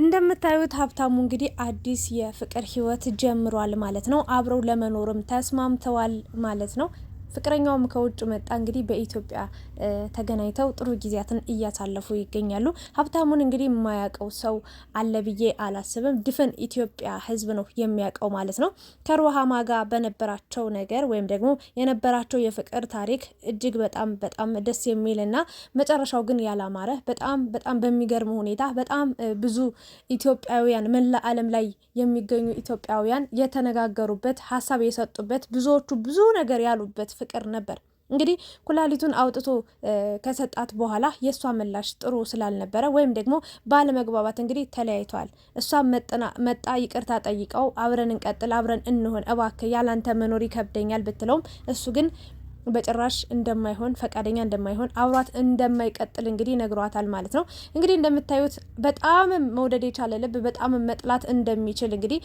እንደምታዩት ሀብታሙ እንግዲህ አዲስ የፍቅር ህይወት ጀምሯል ማለት ነው። አብረው ለመኖርም ተስማምተዋል ማለት ነው። ፍቅረኛውም ከውጭ መጣ። እንግዲህ በኢትዮጵያ ተገናኝተው ጥሩ ጊዜያትን እያሳለፉ ይገኛሉ። ሀብታሙን እንግዲህ የማያውቀው ሰው አለ ብዬ አላስብም። ድፍን ኢትዮጵያ ሕዝብ ነው የሚያውቀው ማለት ነው። ከሩሃማ ጋር በነበራቸው ነገር ወይም ደግሞ የነበራቸው የፍቅር ታሪክ እጅግ በጣም በጣም ደስ የሚል እና መጨረሻው ግን ያላማረ በጣም በጣም በሚገርም ሁኔታ በጣም ብዙ ኢትዮጵያውያን መላ ዓለም ላይ የሚገኙ ኢትዮጵያውያን የተነጋገሩበት ሀሳብ የሰጡበት ብዙዎቹ ብዙ ነገር ያሉበት ፍቅር ነበር። እንግዲህ ኩላሊቱን አውጥቶ ከሰጣት በኋላ የእሷ ምላሽ ጥሩ ስላልነበረ ወይም ደግሞ ባለመግባባት እንግዲህ ተለያይተዋል። እሷ መጣ ይቅርታ ጠይቀው አብረን እንቀጥል፣ አብረን እንሆን፣ እባክህ ያላንተ መኖር ይከብደኛል ብትለውም እሱ ግን በጭራሽ እንደማይሆን ፈቃደኛ እንደማይሆን አብሯት እንደማይቀጥል እንግዲህ ነግሯታል ማለት ነው። እንግዲህ እንደምታዩት በጣም መውደድ የቻለ ልብ በጣም መጥላት እንደሚችል እንግዲህ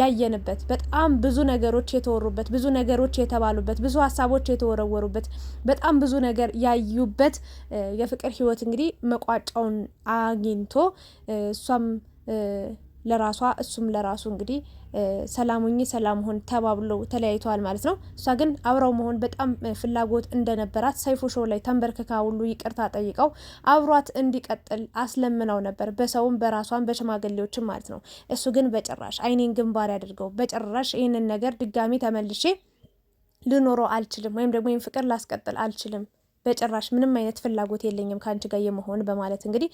ያየንበት በጣም ብዙ ነገሮች የተወሩበት ብዙ ነገሮች የተባሉበት ብዙ ሀሳቦች የተወረወሩበት በጣም ብዙ ነገር ያዩበት የፍቅር ህይወት እንግዲህ መቋጫውን አግኝቶ እሷም ለራሷ እሱም ለራሱ እንግዲህ ሰላሙኝ ሰላም ሆን ተባብለው ተለያይተዋል ማለት ነው። እሷ ግን አብረው መሆን በጣም ፍላጎት እንደነበራት ሰይፉ ሾው ላይ ተንበርክካ ሁሉ ይቅርታ ጠይቀው አብሯት እንዲቀጥል አስለምነው ነበር፣ በሰውም በራሷን በሽማግሌዎችም ማለት ነው። እሱ ግን በጭራሽ አይኔን ግንባር ያድርገው፣ በጭራሽ ይህንን ነገር ድጋሚ ተመልሼ ልኖረው አልችልም፣ ወይም ደግሞ ይህን ፍቅር ላስቀጥል አልችልም በጭራሽ ምንም አይነት ፍላጎት የለኝም ከአንቺ ጋር የመሆን በማለት እንግዲህ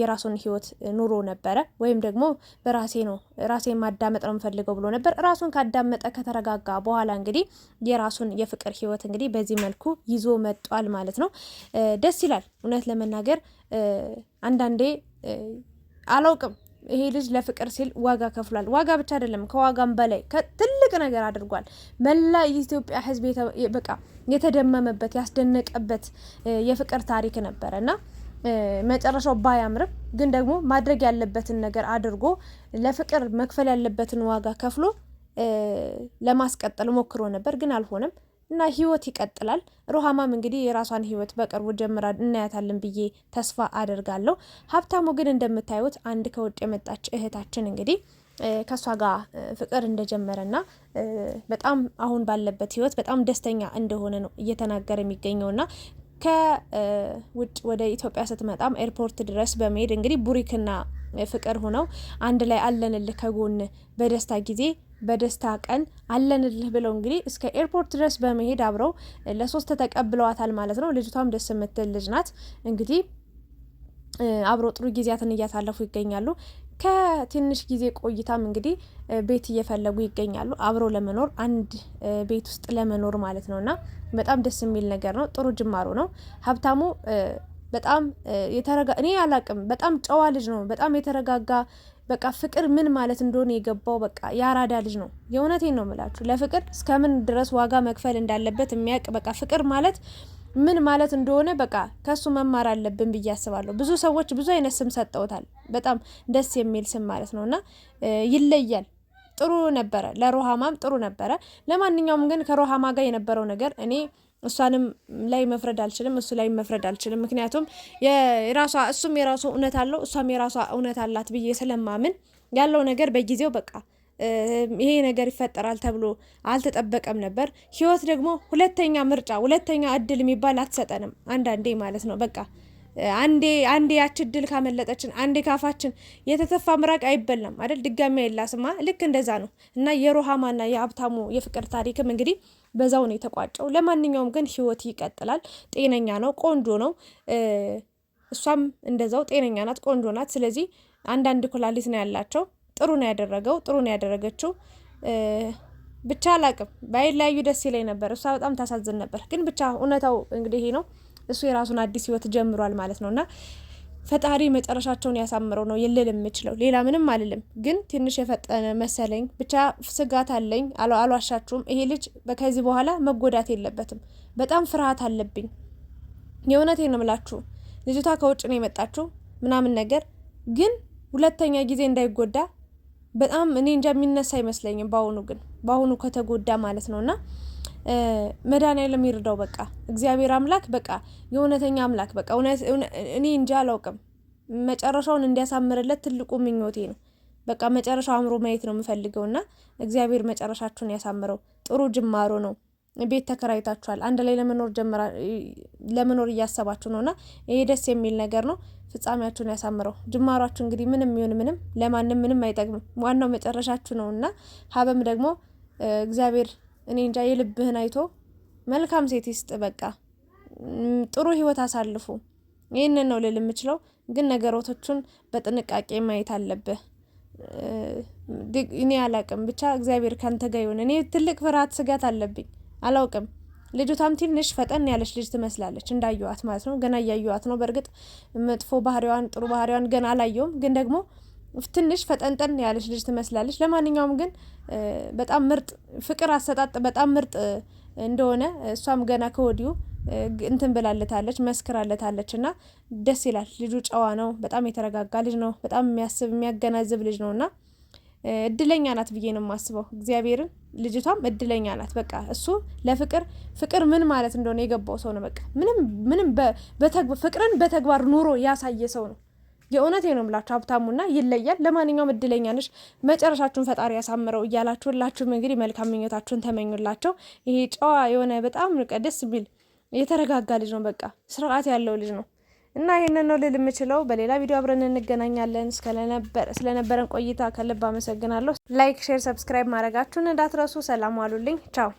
የራሱን ህይወት ኑሮ ነበረ። ወይም ደግሞ በራሴ ነው ራሴ ማዳመጥ ነው የምፈልገው ብሎ ነበር። ራሱን ካዳመጠ ከተረጋጋ በኋላ እንግዲህ የራሱን የፍቅር ህይወት እንግዲህ በዚህ መልኩ ይዞ መጧል ማለት ነው። ደስ ይላል እውነት ለመናገር አንዳንዴ አላውቅም ይሄ ልጅ ለፍቅር ሲል ዋጋ ከፍሏል። ዋጋ ብቻ አይደለም፣ ከዋጋም በላይ ትልቅ ነገር አድርጓል። መላ የኢትዮጵያ ሕዝብ በቃ የተደመመበት ያስደነቀበት የፍቅር ታሪክ ነበረ እና መጨረሻው ባያምርም ግን ደግሞ ማድረግ ያለበትን ነገር አድርጎ ለፍቅር መክፈል ያለበትን ዋጋ ከፍሎ ለማስቀጠል ሞክሮ ነበር፣ ግን አልሆነም። እና ህይወት ይቀጥላል። ሩሃማም እንግዲህ የራሷን ህይወት በቅርቡ ጀምራ እናያታለን ብዬ ተስፋ አደርጋለሁ። ሀብታሙ ግን እንደምታዩት አንድ ከውጭ የመጣች እህታችን እንግዲህ ከእሷ ጋር ፍቅር እንደጀመረና በጣም አሁን ባለበት ህይወት በጣም ደስተኛ እንደሆነ ነው እየተናገረ የሚገኘውና ከውጭ ወደ ኢትዮጵያ ስትመጣም ኤርፖርት ድረስ በመሄድ እንግዲህ ቡሪክና ፍቅር ሆነው አንድ ላይ አለንልህ ከጎን በደስታ ጊዜ በደስታ ቀን አለንልህ ብለው እንግዲህ እስከ ኤርፖርት ድረስ በመሄድ አብረው ለሶስት ተቀብለዋታል ማለት ነው። ልጅቷም ደስ የምትል ልጅ ናት። እንግዲህ አብረው ጥሩ ጊዜያትን እያሳለፉ ይገኛሉ። ከትንሽ ጊዜ ቆይታም እንግዲህ ቤት እየፈለጉ ይገኛሉ። አብሮ ለመኖር አንድ ቤት ውስጥ ለመኖር ማለት ነው። እና በጣም ደስ የሚል ነገር ነው። ጥሩ ጅማሮ ነው። ሀብታሙ በጣም የተረጋ እኔ አላቅም፣ በጣም ጨዋ ልጅ ነው። በጣም የተረጋጋ በቃ ፍቅር ምን ማለት እንደሆነ የገባው በቃ የአራዳ ልጅ ነው። የእውነቴን ነው ምላችሁ ለፍቅር እስከምን ድረስ ዋጋ መክፈል እንዳለበት የሚያውቅ በቃ ፍቅር ማለት ምን ማለት እንደሆነ በቃ ከሱ መማር አለብን ብዬ አስባለሁ። ብዙ ሰዎች ብዙ አይነት ስም ሰጠውታል። በጣም ደስ የሚል ስም ማለት ነው እና ይለያል። ጥሩ ነበረ፣ ለሮሃማም ጥሩ ነበረ። ለማንኛውም ግን ከሮሃማ ጋር የነበረው ነገር እኔ እሷንም ላይ መፍረድ አልችልም፣ እሱ ላይ መፍረድ አልችልም። ምክንያቱም የራሷ እሱም የራሱ እውነት አለው እሷም የራሷ እውነት አላት ብዬ ስለማምን ያለው ነገር በጊዜው በቃ ይሄ ነገር ይፈጠራል ተብሎ አልተጠበቀም ነበር። ህይወት ደግሞ ሁለተኛ ምርጫ፣ ሁለተኛ እድል የሚባል አትሰጠንም አንዳንዴ ማለት ነው በቃ አንዴ አንዴ ያች እድል ካመለጠችን አንዴ ካፋችን የተተፋ ምራቅ አይበላም አይደል? ድጋሜ የላስማ። ልክ እንደዛ ነው እና የሮሃማና የሀብታሙ የፍቅር ታሪክም እንግዲህ በዛው ነው የተቋጨው። ለማንኛውም ግን ህይወት ይቀጥላል። ጤነኛ ነው፣ ቆንጆ ነው። እሷም እንደዛው ጤነኛ ናት፣ ቆንጆ ናት። ስለዚህ አንዳንድ ኩላሊት ነው ያላቸው። ጥሩ ነው ያደረገው፣ ጥሩ ነው ያደረገችው። ብቻ አላቅም፣ ባይለያዩ ደስ ይለኝ ነበር። እሷ በጣም ታሳዝን ነበር። ግን ብቻ እውነታው እንግዲህ ይሄ ነው። እሱ የራሱን አዲስ ህይወት ጀምሯል ማለት ነውና ፈጣሪ መጨረሻቸውን ያሳምረው ነው ልል የምችለው። ሌላ ምንም አልልም፣ ግን ትንሽ የፈጠነ መሰለኝ። ብቻ ስጋት አለኝ፣ አልዋሻችሁም። ይሄ ልጅ ከዚህ በኋላ መጎዳት የለበትም። በጣም ፍርሃት አለብኝ። የእውነቴ ነው የምላችሁ። ልጅቷ ከውጭ ነው የመጣችሁ ምናምን ነገር፣ ግን ሁለተኛ ጊዜ እንዳይጎዳ በጣም እኔ እንጃ የሚነሳ አይመስለኝም። በአሁኑ ግን በአሁኑ ከተጎዳ ማለት ነውና መድኃኒዓለም ይርዳው። በቃ እግዚአብሔር አምላክ በቃ የእውነተኛ አምላክ በቃ እኔ እንጂ አላውቅም። መጨረሻውን እንዲያሳምርለት ትልቁ ምኞቴ ነው። በቃ መጨረሻው አእምሮ ማየት ነው የምፈልገው እና እግዚአብሔር መጨረሻችሁን ያሳምረው። ጥሩ ጅማሮ ነው። ቤት ተከራይታችኋል። አንድ ላይ ለመኖር ጀመራ ለመኖር እያሰባችሁ ነው እና ይሄ ደስ የሚል ነገር ነው። ፍጻሜያችሁን ያሳምረው። ጅማሯችሁ እንግዲህ ምንም ይሁን ምንም ለማንም ምንም አይጠቅምም። ዋናው መጨረሻችሁ ነው እና ሀበም ደግሞ እግዚአብሔር እኔ እንጃ የልብህን አይቶ መልካም ሴት ይስጥ። በቃ ጥሩ ህይወት አሳልፉ። ይህንን ነው ልል የምችለው። ግን ነገሮቶቹን በጥንቃቄ ማየት አለብህ። እኔ አላቅም፣ ብቻ እግዚአብሔር ካንተ ጋር ይሁን። እኔ ትልቅ ፍርሃት፣ ስጋት አለብኝ። አላውቅም። ልጅቷም ትንሽ ፈጠን ያለች ልጅ ትመስላለች፣ እንዳየዋት ማለት ነው። ገና እያየዋት ነው። በእርግጥ መጥፎ ባህሪዋን ጥሩ ባህሪዋን ገና አላየውም፣ ግን ደግሞ ትንሽ ፈጠንጠን ያለች ልጅ ትመስላለች። ለማንኛውም ግን በጣም ምርጥ ፍቅር አሰጣጥ በጣም ምርጥ እንደሆነ እሷም ገና ከወዲሁ እንትን ብላለታለች መስክራለታለች። እና ደስ ይላል። ልጁ ጨዋ ነው። በጣም የተረጋጋ ልጅ ነው። በጣም የሚያስብ የሚያገናዝብ ልጅ ነው እና እድለኛ ናት ብዬ ነው የማስበው። እግዚአብሔርን ልጅቷም እድለኛ ናት። በቃ እሱ ለፍቅር ፍቅር ምን ማለት እንደሆነ የገባው ሰው ነው። በቃ ምንም ምንም ፍቅርን በተግባር ኑሮ ያሳየ ሰው ነው። የእውነቴ ነው የምላችሁ ሀብታሙና ይለያል። ለማንኛውም እድለኛ ነሽ፣ መጨረሻችሁን ፈጣሪ ያሳምረው እያላችሁ ሁላችሁም እንግዲህ መልካም ምኞታችሁን ተመኙላቸው። ይሄ ጨዋ የሆነ በጣም ደስ የሚል የተረጋጋ ልጅ ነው፣ በቃ ስርዓት ያለው ልጅ ነው እና ይህንን ነው ልል የምችለው። በሌላ ቪዲዮ አብረን እንገናኛለን። ስለነበረን ቆይታ ከልብ አመሰግናለሁ። ላይክ፣ ሼር፣ ሰብስክራይብ ማድረጋችሁን እንዳትረሱ። ሰላም ዋሉልኝ። ቻው